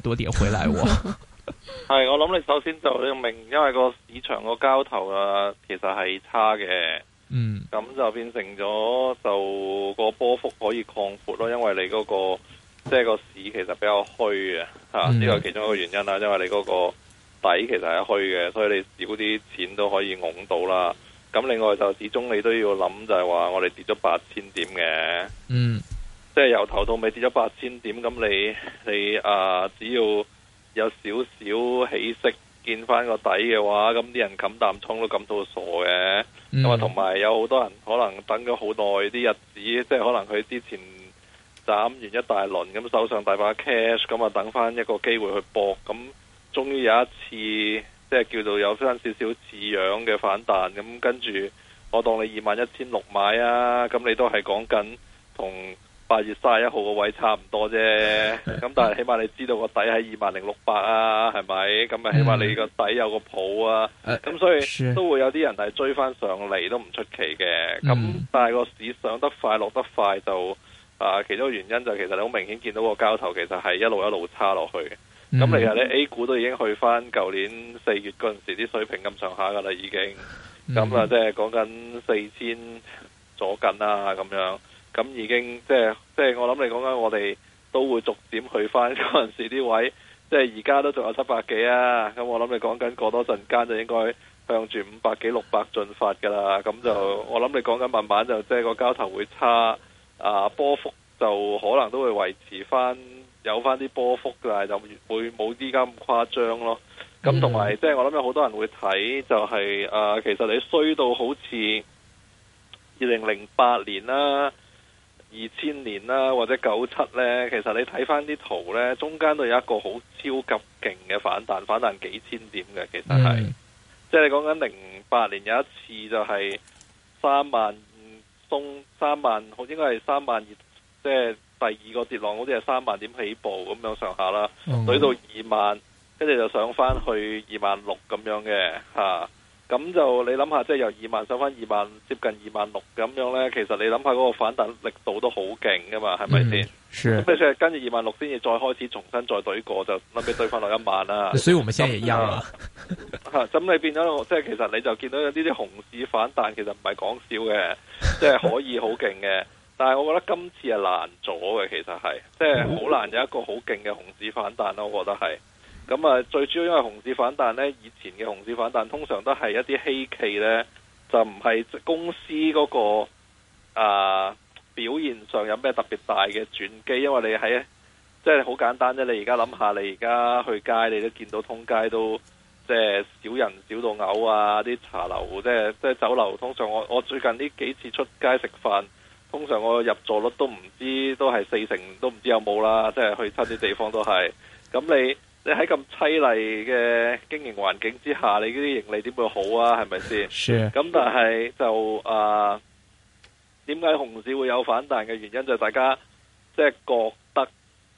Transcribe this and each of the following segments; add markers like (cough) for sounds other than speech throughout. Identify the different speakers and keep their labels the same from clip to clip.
Speaker 1: 多點回來，我
Speaker 2: 係我諗你首先就你明，因為個市場個交投啊，其實係差嘅，嗯，咁就變成咗就個波幅可以擴闊咯，因為你嗰個，即係個市其實比較虛嘅，吓呢個其中一個原因啦，因為你嗰個底其實係虛嘅，所以你少啲錢都可以拱到啦。咁另外就始終你都要諗就係話，我哋跌咗八千點嘅，嗯。即係由頭到尾跌咗八千點，咁你你啊、呃，只要有少少起色，見翻個底嘅話，咁啲人冚淡倉都感到傻嘅。咁啊、嗯，同埋有好多人可能等咗好耐啲日子，即係可能佢之前斬完一大輪，咁手上大把 cash，咁啊等翻一個機會去搏。咁終於有一次，即係叫做有翻少少似樣嘅反彈。咁跟住我當你二萬一千六買啊，咁你都係講緊同。八月三十一號個位差唔多啫，咁但係起碼你知道個底喺二萬零六百啊，係咪？咁啊，起碼你個底有個譜啊，咁所以都會有啲人係追翻上嚟都唔出奇嘅。咁但係個市上得快落得快就啊，其中原因就其實你好明顯見到個交投其實係一路一路差落去嘅。咁其實你 A 股都已經去翻舊年四月嗰陣時啲水平咁上下噶啦，已經。咁啊，即係講緊四千左近啊，咁樣。咁已經即係即係，我諗你講緊我哋都會逐點去翻嗰陣時啲位，即係而家都仲有七百幾啊。咁我諗你講緊過多陣間就應該向住五百幾六百進發㗎啦。咁就我諗你講緊慢慢就即係個交投會差啊，波幅就可能都會維持翻有翻啲波幅，但係就會冇依家咁誇張咯。咁同埋即係我諗有好多人會睇、就係，就係誒，其實你衰到好似二零零八年啦。二千年啦，或者九七呢，其實你睇翻啲圖呢，中間都有一個好超級勁嘅反彈，反彈幾千點嘅，其實係，即係你講緊零八年有一次就係三萬鬆，三萬，應該係三萬二，即係第二個跌浪，好似係三萬點起步咁樣上下啦，懟、mm hmm. 到二萬，跟住就上翻去二萬六咁樣嘅，吓、啊。咁就你諗下，即係由二萬收翻二萬，接近二萬六咁樣咧，其實你諗下嗰個反彈力度都好勁噶嘛，係
Speaker 1: 咪
Speaker 2: 先？嗯、跟住二萬六先至再開始重新再懟過，就諗住懟翻落一萬啦。所以我們先係啊。咁你、嗯 (laughs) 嗯、變咗，即係其實你就見到有呢啲熊市反彈，其實唔係講笑嘅，即、就、係、是、可以好勁嘅。 (laughs) 但係我覺得今次係難咗嘅，其實係，即係好難有一個好勁嘅熊市反彈咯。我覺得係。咁啊，最主要因為熊市反彈呢，以前嘅熊市反彈通常都係一啲稀奇呢，就唔係公司嗰個啊、呃、表現上有咩特別大嘅轉機，因為你喺即係好簡單啫。你而家諗下，你而家去街，你都見到通街都即係少人少到嘔啊！啲茶樓即係即係酒樓，通常我我最近呢幾次出街食飯，通常我入座率都唔知都係四成，都唔知有冇啦。即係去親啲地方都係咁你。你喺咁凄厲嘅經營環境之下，你嗰啲盈利點會好啊？係咪先？咁 (laughs) 但係就啊，呃、點解熊市會有反彈嘅原因就大家即係覺得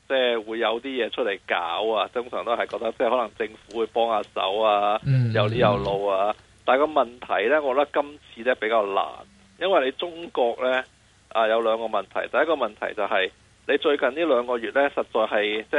Speaker 2: 即係會有啲嘢出嚟搞啊？通常都係覺得即係可能政府會幫下手啊，嗯、有理有路啊。嗯、但係個問題咧，我覺得今次呢比較難，因為你中國呢，啊有兩個問題，第一個問題就係、是。你最近呢兩個月呢，實在係即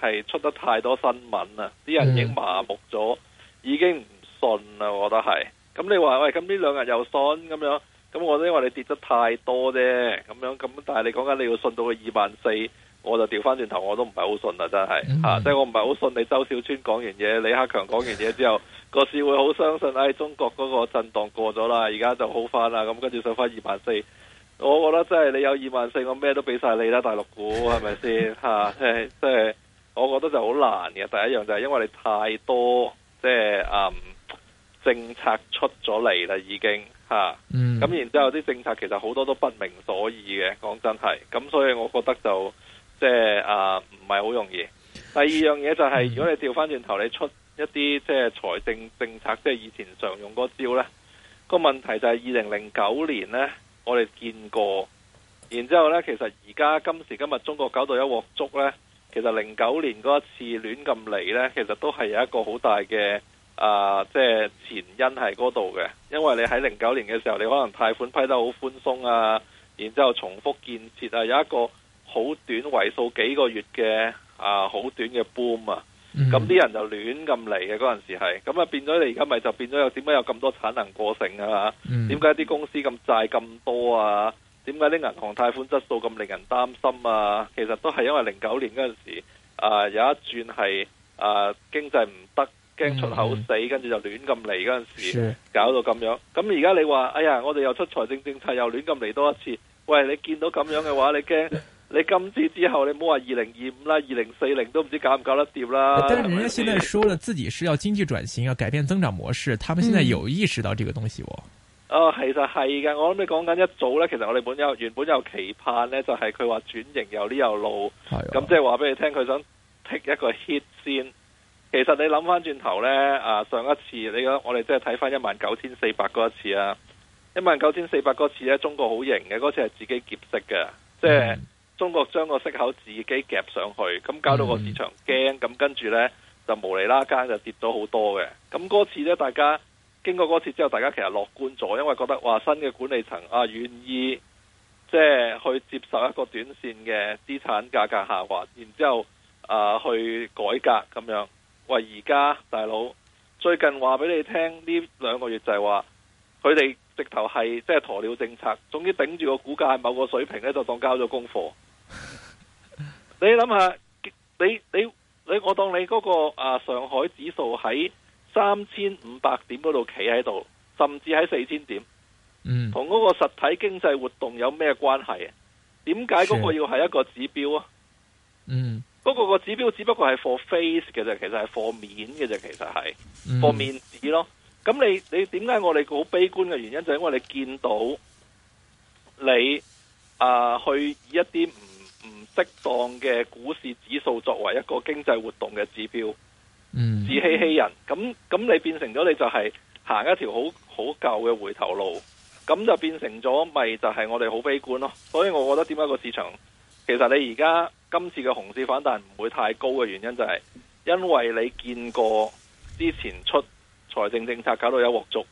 Speaker 2: 係出得太多新聞啦，啲人已經麻木咗，已經唔信啦。我覺得係。咁你話喂，咁呢兩日又信咁樣，咁我都因為你跌得太多啫。咁樣咁，但係你講緊你要信到佢二萬四，我就調翻轉頭，我都唔係好信啦，真係嚇、 (laughs) 啊。即係我唔係好信你。周小川講完嘢，李克強講完嘢之後，個市會好相信。哎，中國嗰個震盪過咗啦，而家就好翻啦。咁跟住上翻二萬四。我覺得真係你有二萬四，我咩都俾晒你啦。大陸股係咪先嚇？即係即係，我覺得就好難嘅。第一樣就係因為你太多，即係嗯政策出咗嚟啦，已經嚇。咁、啊嗯、然之後啲政策其實好多都不明所以嘅，講真係咁，所以我覺得就即係啊，唔係好容易。第二樣嘢就係、是、如果你調翻轉頭，你出一啲即係財政政策，即係以前常用嗰招呢個問題就係二零零九年呢。我哋見過，然之後呢，其實而家今時今日中國搞到一鑊粥呢，其實零九年嗰一次亂咁嚟呢，其實都係有一個好大嘅啊，即、呃、係、即係、前因喺嗰度嘅，因為你喺零九年嘅時候，你可能貸款批得好寬鬆啊，然之後重複建設啊，有一個好短為數幾個月嘅啊，好、呃、短嘅 boom 啊。咁啲、嗯、人就亂咁嚟嘅嗰陣時係，咁啊變咗你而家咪就變咗又點解有咁多產能過剩啊？點解啲公司咁債咁多啊？點解啲銀行貸款質素咁令人擔心啊？其實都係因為零九年嗰陣時、呃、有一轉係啊經濟唔得，驚出口死，跟住、嗯、就亂咁嚟嗰陣
Speaker 1: 時，是
Speaker 2: 搞到咁樣。咁而家你話，哎呀，我哋又出財政政策又亂咁嚟多一次，喂，你見到咁樣嘅話，你驚？ (laughs) 你今次之後你唔好話二零二五啦，二零四零都唔知搞唔搞得掂啦。但係人家現在說
Speaker 1: 了自己是要經濟轉型，要改變增長模式，嗯、他們現在有意識到這個東西。哦，
Speaker 2: 其實係嘅，我諗你講緊一早呢，其實我哋本有原本有期盼呢，就係佢話轉型由呢條路，咁、哎、呦即係話俾你聽，佢想剔一個 hit 先。其實你諗翻轉頭呢，啊上一次你講我哋即係睇翻一萬九千四百嗰一次啊，19, 一萬九千四百嗰次呢，中國好型嘅嗰次係自己劫色嘅，即係。嗯中國將個息口自己夾上去，咁搞到個市場驚，咁跟住呢，就無厘啦更就跌咗好多嘅。咁嗰次呢，大家經過嗰次之後，大家其實樂觀咗，因為覺得話，新嘅管理層啊願意即係、呃呃、去接受一個短線嘅資產價格下滑，然之後啊、呃、去改革咁樣。喂，而家大佬最近話俾你聽，呢兩個月就係話佢哋直頭係即係鴕鳥政策，總之頂住個股價喺某個水平呢，就當交咗功課。你諗下，你你你，我當你嗰個啊上海指數喺三千五百點嗰度企喺度，甚至喺四千點，嗯，
Speaker 1: 同
Speaker 2: 嗰個實體經濟活動有咩關係啊？點解嗰個要係一個指標啊？嗯，嗰個個指標只不過係 for face 嘅啫，其實係 for 面嘅啫，其實係、嗯、for 面子咯。咁你你點解我哋好悲觀嘅原因就係因為你見到你啊去一啲唔適當嘅股市指數作為一個經濟活動嘅指標，嗯、自欺欺人，咁咁你變成咗你就係行一條好好舊嘅回頭路，咁就變成咗咪就係我哋好悲觀咯。所以我覺得點解個市場其實你而家今次嘅熊市反彈唔會太高嘅原因就係、是、因為你見過之前出財政政策搞到有鑊捉，維、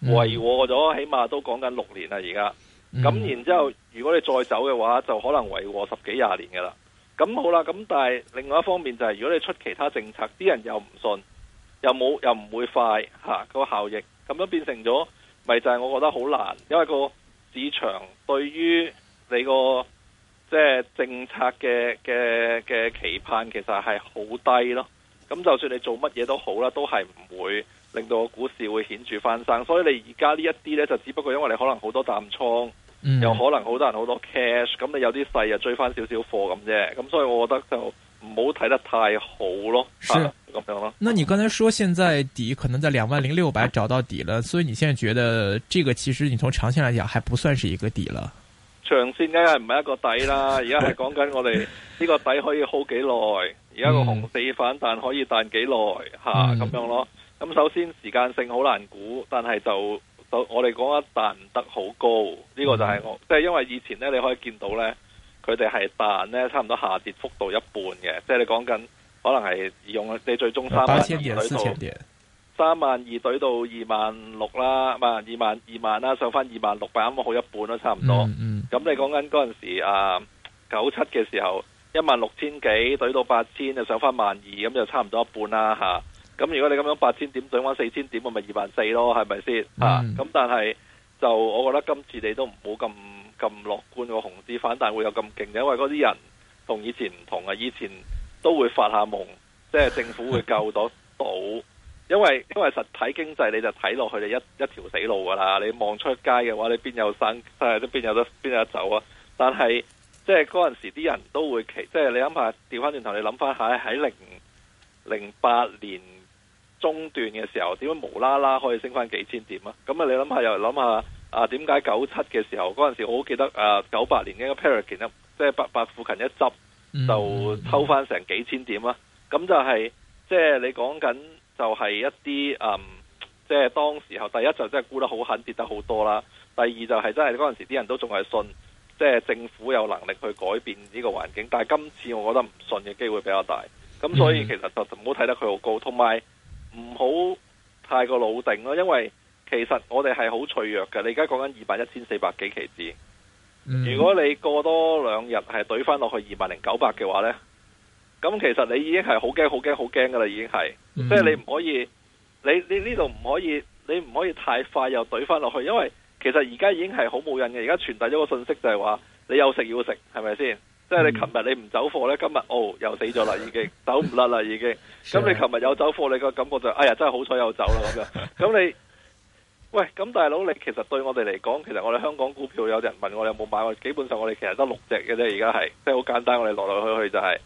Speaker 2: 嗯、和咗起碼都講緊六年啦，而家。咁、mm hmm. 然之後，如果你再走嘅話，就可能維和十幾廿年嘅啦。咁好啦，咁但係另外一方面就係、是，如果你出其他政策，啲人又唔信，又冇又唔會快嚇個、啊、效益，咁樣變成咗，咪就係、是、我覺得好難，因為個市場對於你個即係政策嘅嘅嘅期盼其實係好低咯。咁就算你做乜嘢都好啦，都係唔會。令到個股市會顯著翻生，所以你而家呢一啲呢，就只不過因為你可能好多淡倉，嗯、又可能好多人好多 cash，咁你有啲細又追翻少少貨咁啫，咁所以我覺得就唔好睇得太好咯，係咁是、啊、樣咯。
Speaker 1: 那你剛才說現在底可能在兩萬零六百找到底了，所以你現在覺得這個其實你從長線來講還不算是一個底了。
Speaker 2: 長線梗係唔係一個底啦，而家係講緊我哋呢個底可以好幾耐，而家個熊市反彈可以彈幾耐吓咁樣咯。咁首先時間性好難估，但係就我哋講一彈得好高，呢、呢個就係我、嗯、即係因為以前咧，你可以見到呢，佢哋係彈呢，差唔多下跌幅度一半嘅，即係你講緊可能係用你最終三萬二懟到三萬二懟到二萬六啦，萬二萬二萬啦，上翻二萬六百啱好一半啦，差唔多。咁、嗯嗯嗯、你講緊嗰陣時啊九七嘅時候，一、啊、萬六千幾懟到八千，就上翻萬二，咁就差唔多一半啦吓。啊啊咁如果你咁樣八千點想玩四千點，咪二萬四咯，係咪先？Mm hmm. 啊，咁但係就我覺得今次你都唔好咁咁樂觀個紅字反彈會有咁勁，因為嗰啲人同以前唔同啊，以前都會發下夢，即係政府會救到到， (laughs) 因為因為實體經濟你就睇落去你一一條死路㗎啦，你望出街嘅話，你邊有生即係都邊有得邊有得走啊？但係即係嗰陣時啲人都會奇，即係你諗下調翻轉頭，你諗翻下喺零零八年。中段嘅時候，點解無啦啦可以升翻幾千點啊？咁啊，你諗下又諗下啊？點解九七嘅時候嗰陣時，我好記得啊，九八年嘅 Paradigm 即係八八附近一執就抽翻成幾千點啊！咁、嗯、就係即係你講緊就係一啲啊，即、嗯、係、就是、當時候第一就真係沽得好狠，跌得好多啦。第二就係真係嗰陣時啲人都仲係信，即、就、係、是、政府有能力去改變呢個環境。但係今次我覺得唔信嘅機會比較大。咁所以其實就唔好睇得佢好高，同埋。唔好太過老定咯，因為其實我哋係好脆弱嘅。你而家講緊二萬一千四百幾期指，嗯、如果你過多兩日係懟翻落去二萬零九百嘅話呢，咁其實你已經係好驚、好驚、好驚噶啦，已經係，即係、嗯、你唔可以，你你呢度唔可以，你唔可以太快又懟翻落去，因為其實而家已經係好冇癮嘅。而家傳遞咗個信息就係話，你有食要食，係咪先？即係你琴日你唔走貨呢，今日哦又死咗啦，已經走唔甩啦，已經。咁 (laughs) 你琴日有走貨，你個感覺就是，哎呀，真係好彩有走啦咁樣。咁 (laughs) 你喂，咁大佬你其實對我哋嚟講，其實我哋香港股票有人問我哋有冇買過，我基本上我哋其實得六隻嘅啫，而家係即係好簡單，我哋來來去下去就係、是，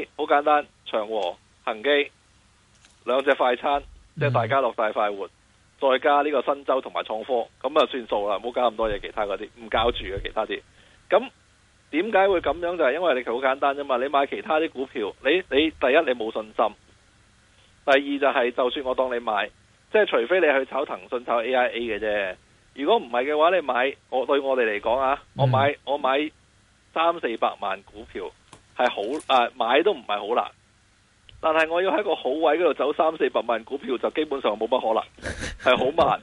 Speaker 2: 你好簡單，長和恒基兩隻快餐，即、就、係、是，大家樂大快活， (laughs) 再加呢個新洲同埋創科，咁啊算數啦，唔好搞咁多嘢，其他嗰啲唔搞住嘅其他啲咁。點解會咁樣？就係、是、因為你好簡單啫嘛！你買其他啲股票，你你第一你冇信心，第二就係、是、就算我當你買，即係除非你去炒騰訊、炒 AIA 嘅啫。如果唔係嘅話，你買我對我哋嚟講啊，我買我買三四百萬股票係好誒、啊，買都唔係好難。但係我要喺個好位嗰度走三四百萬股票，就基本上冇乜可能，係好難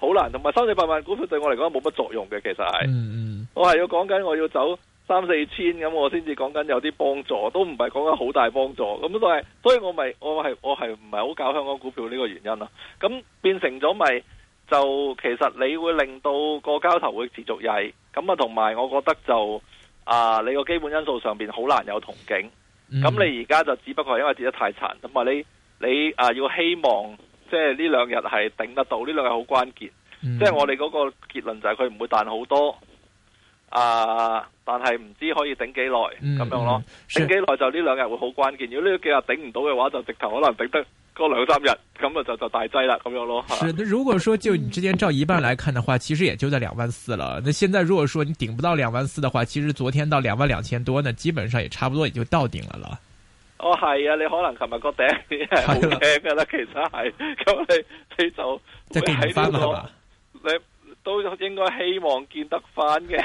Speaker 2: 好難。同埋三四百萬股票對我嚟講冇乜作用嘅，其實係。我係要講緊我要走。三四千咁，我先至講緊有啲幫助，都唔係講緊好大幫助。咁都係，所以我咪我係我係唔係好搞香港股票呢個原因啦。咁變成咗咪、就是，就其實你會令到個交投會持續曳。咁啊，同埋我覺得就啊、呃，你個基本因素上邊好難有同境。咁你而家就只不過係因為跌得太殘。咁啊，你你啊要希望即係呢兩日係頂得到，呢兩日好關鍵。即係、嗯嗯、我哋嗰個結論就係佢唔會彈好多。啊！但係唔知可以頂幾耐咁樣咯，頂幾耐就呢兩日會好關鍵。如果呢幾日頂唔到嘅話，就直頭可能頂得個兩三日，咁啊就就大劑啦咁樣咯。係，
Speaker 1: 如果說就你之前照一半來看嘅話，其實也就在兩萬四了。那現在如果說你頂不到兩萬四嘅話，其實昨天到兩萬兩千多呢，基本上也差不多也就到頂啦啦。
Speaker 2: 哦，係啊，你可能琴日個頂係好輕噶啦，其實係咁，你你就即係企唔翻都應該希望見得翻嘅，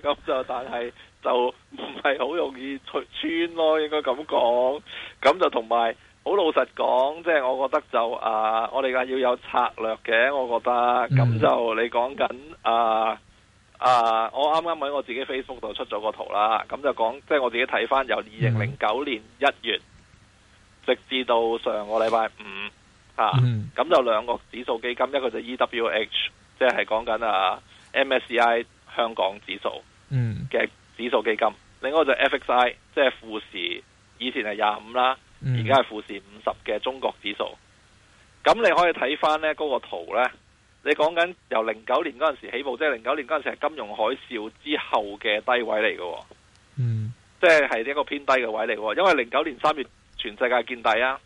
Speaker 2: 咁就但係就唔係好容易穿咯，應該咁講。咁就同埋好老實講，即係我覺得就啊，我哋要有策略嘅，我覺得咁、嗯、就你講緊啊啊，我啱啱喺我自己 Facebook 度出咗個圖啦，咁就講即係我自己睇翻由二零零九年一月，直至到上個禮拜五啊，咁、嗯、就兩個指數基金，一個就 EWH。即係講緊啊 MSCI 香港指數嘅指數基金，嗯、另外就 FXI 即係富時，以前係廿五啦，而家係富時五十嘅中國指數。咁你可以睇翻呢嗰個圖呢，你講緊由零九年嗰陣時起步，即係零九年嗰陣時係金融海嘯之後嘅低位嚟嘅、哦，嗯，即係一個偏低嘅位嚟嘅，因為零九年三月全世界見底啊，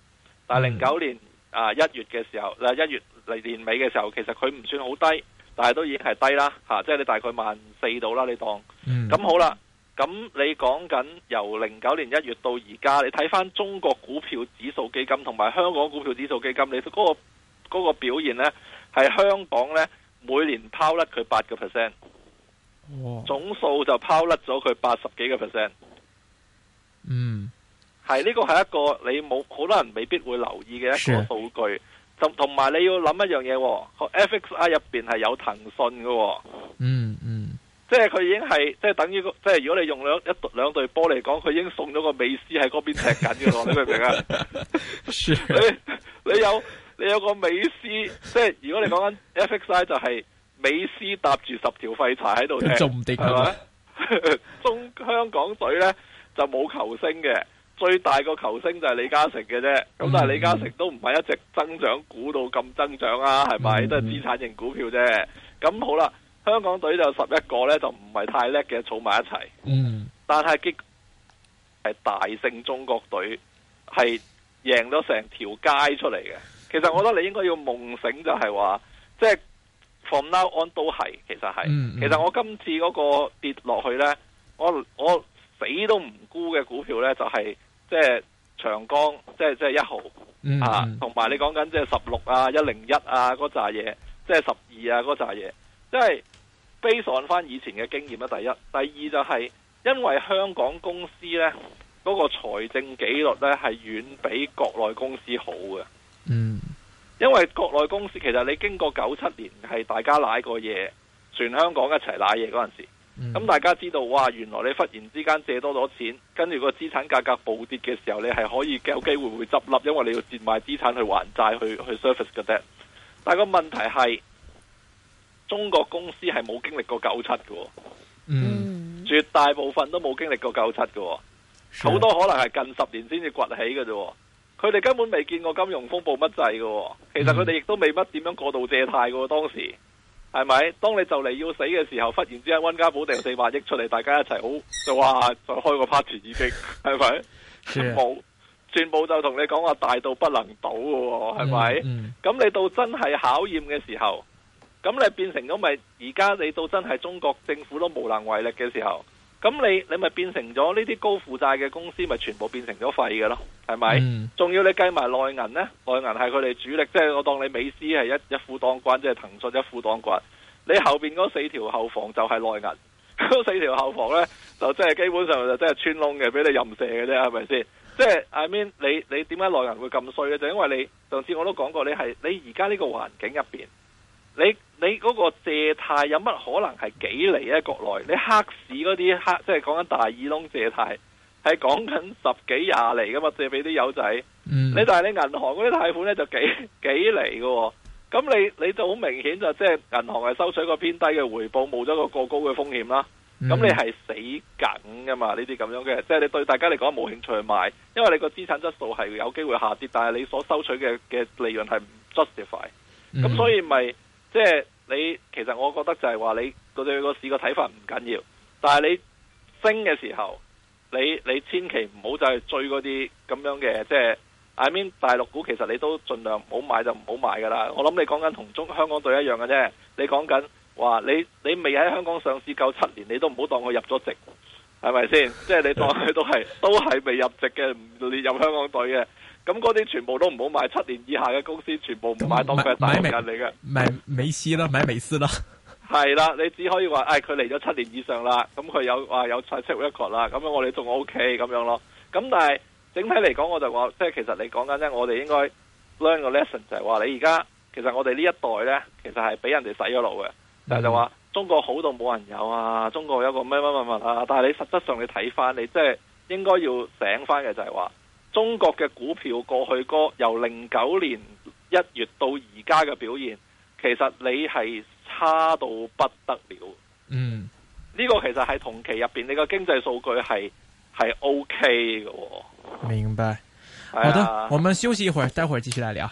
Speaker 1: 但係零九
Speaker 2: 年啊一月嘅時候嗱一月。嗯嗯嚟年尾嘅時候，其實佢唔算好低，但係都已經係低啦，吓、啊，即係你大概萬四度啦，你當。嗯。
Speaker 1: 咁好啦，
Speaker 2: 咁你講緊由零九年一月到而家，你睇翻中國股票指數基金同埋香港股票指數基金，你嗰個嗰個表現呢，係香港呢每年拋甩佢八個 percent，
Speaker 1: 哇！
Speaker 2: 總數就拋甩咗佢八十幾個 percent。嗯。係呢個係一個你冇好多人未必會留意嘅一個數據。嗯同埋你要諗一樣嘢，FXI 入邊係有騰訊嘅，嗯嗯，即係佢已經係即係等於即係如果你用兩一兩隊波嚟講，佢已經送咗個美斯喺嗰邊踢緊嘅咯，你明唔明啊？你你有你有個美斯， (laughs) 即係如果你講緊 FXI 就係美斯搭住十條廢柴喺度踢，唔掂係嘛？ (laughs) 中香港隊呢，就冇球星嘅。最大個球星就係李嘉誠嘅啫，咁、嗯、但係李嘉誠都唔係一直增長估到咁增長啊，係咪？嗯、都係資產型股票啫。咁好啦，香港隊就十一個呢，就唔係太叻嘅，湊埋一齊。嗯。但係結係大勝中國隊，係贏咗成條街出嚟嘅。其實我覺得你應該要夢醒，就係話，即係 from now on 都係，其實係。嗯、其實我今次嗰個跌落去呢，我我死都唔估嘅股票呢，就係、是。即係長江，即係即係一號，嗯、啊，同埋你講緊即係十六啊、一零一啊嗰扎嘢，即係十二啊嗰扎嘢，即係 base on 翻以前嘅經驗啦。第一，第二就係因為香港公司呢嗰、嗰個財政紀律呢係遠比國內公司好嘅。嗯，因為國內公司其實你經過九七年係大家拉過嘢，全香港一齊拉嘢嗰陣時。咁、嗯、大家知道哇，原來你忽然之間借多咗錢，跟住個資產價格暴跌嘅時候，你係可以有機會會執笠，因為你要賤賣資產去還債去去 service 嘅 debt。但個問題係，中國公司係冇經歷過九七嘅，嗯，絕大部分都冇經歷過九七嘅，好、嗯、多可能係近十年先至崛起嘅啫。佢哋根本未見過金融風暴乜滯嘅，其實佢哋亦都未乜點樣過度借貸嘅當時。係咪？當你就嚟要死嘅時候，忽然之間溫家寶掟四萬億出嚟，大家一齊好就話就開個 party，已經係咪？冇， (laughs) 全部全部就同你講話大到不能倒嘅，係咪？咁、mm hmm. 你到真係考驗嘅時候，咁你變成咗咪？而家你到真係中國政府都無能為力嘅時候。咁你你咪變成咗呢啲高負債嘅公司咪全部變成咗廢嘅咯，係咪？嗯，仲要你計埋內銀呢？內銀係佢哋主力，即係我當你美斯係一夫當關，即係騰訊一夫當關。你後邊嗰四條後防就係內銀，嗰四條後防呢，就即係基本上就真係穿窿嘅，俾你任射嘅啫，係咪先？即係 I mean，你你點解內銀會咁衰嘅？就因為你上次我都講過，你係你而家呢個環境入面。你你嗰個借貸有乜可能係幾厘咧？國內你黑市嗰啲黑，即係講緊大耳窿借貸，係講緊十幾廿厘噶嘛？借俾啲友仔，你但係你銀行嗰啲貸款呢，就幾幾厘噶，咁你你就好明顯就即係銀行係收取個偏低嘅回報，冇咗個過高嘅風險啦。咁、嗯、你係死梗噶嘛？呢啲咁樣嘅，即係你對大家嚟講冇興趣去買，因為你個資產質素係有機會下跌，但係你所收取嘅嘅利潤係唔 justify，咁所以咪？嗯嗯即係你，其實我覺得就係話你對個市個睇法唔緊要，但係你升嘅時候，你你千祈唔好就係追嗰啲咁樣嘅，即係 I mean 大陸股，其實你都盡量唔好買就唔好買噶啦。我諗你講緊同中香港隊一樣嘅啫，你講緊話你你未喺香港上市夠七年，你都唔好當我入咗籍，係咪先？即係 (laughs) (laughs) 你當佢都係都係未入籍嘅，你入，入香港隊嘅。咁嗰啲全部都唔好買七年以下嘅公司，全部唔買，麽當佢係第一人嚟嘅。
Speaker 1: 買美斯啦，買美斯啦，
Speaker 2: 係啦。你只可以話，誒、哎，佢嚟咗七年以上啦，咁佢有話、啊、有 track record 啦，咁樣我哋仲 O K 咁樣咯。咁但係整體嚟講，我就話，即係其實你講緊咧，我哋應該 learn 個 lesson 就係話，你而家其實我哋呢一代咧，其實係俾人哋洗咗腦嘅，嗯、就係話中國好到冇人有啊，中國有個乜乜乜乜啊，但係你實質上你睇翻，你即係應該要醒翻嘅就係話。中國嘅股票過去嗰由零九年一月到而家嘅表現，其實你係差到不得了。嗯，呢個其實係同期入邊，你個經濟數據係係 O K 嘅。OK 的哦、
Speaker 1: 明白，我覺得我們休息一會兒，待會兒繼續來聊。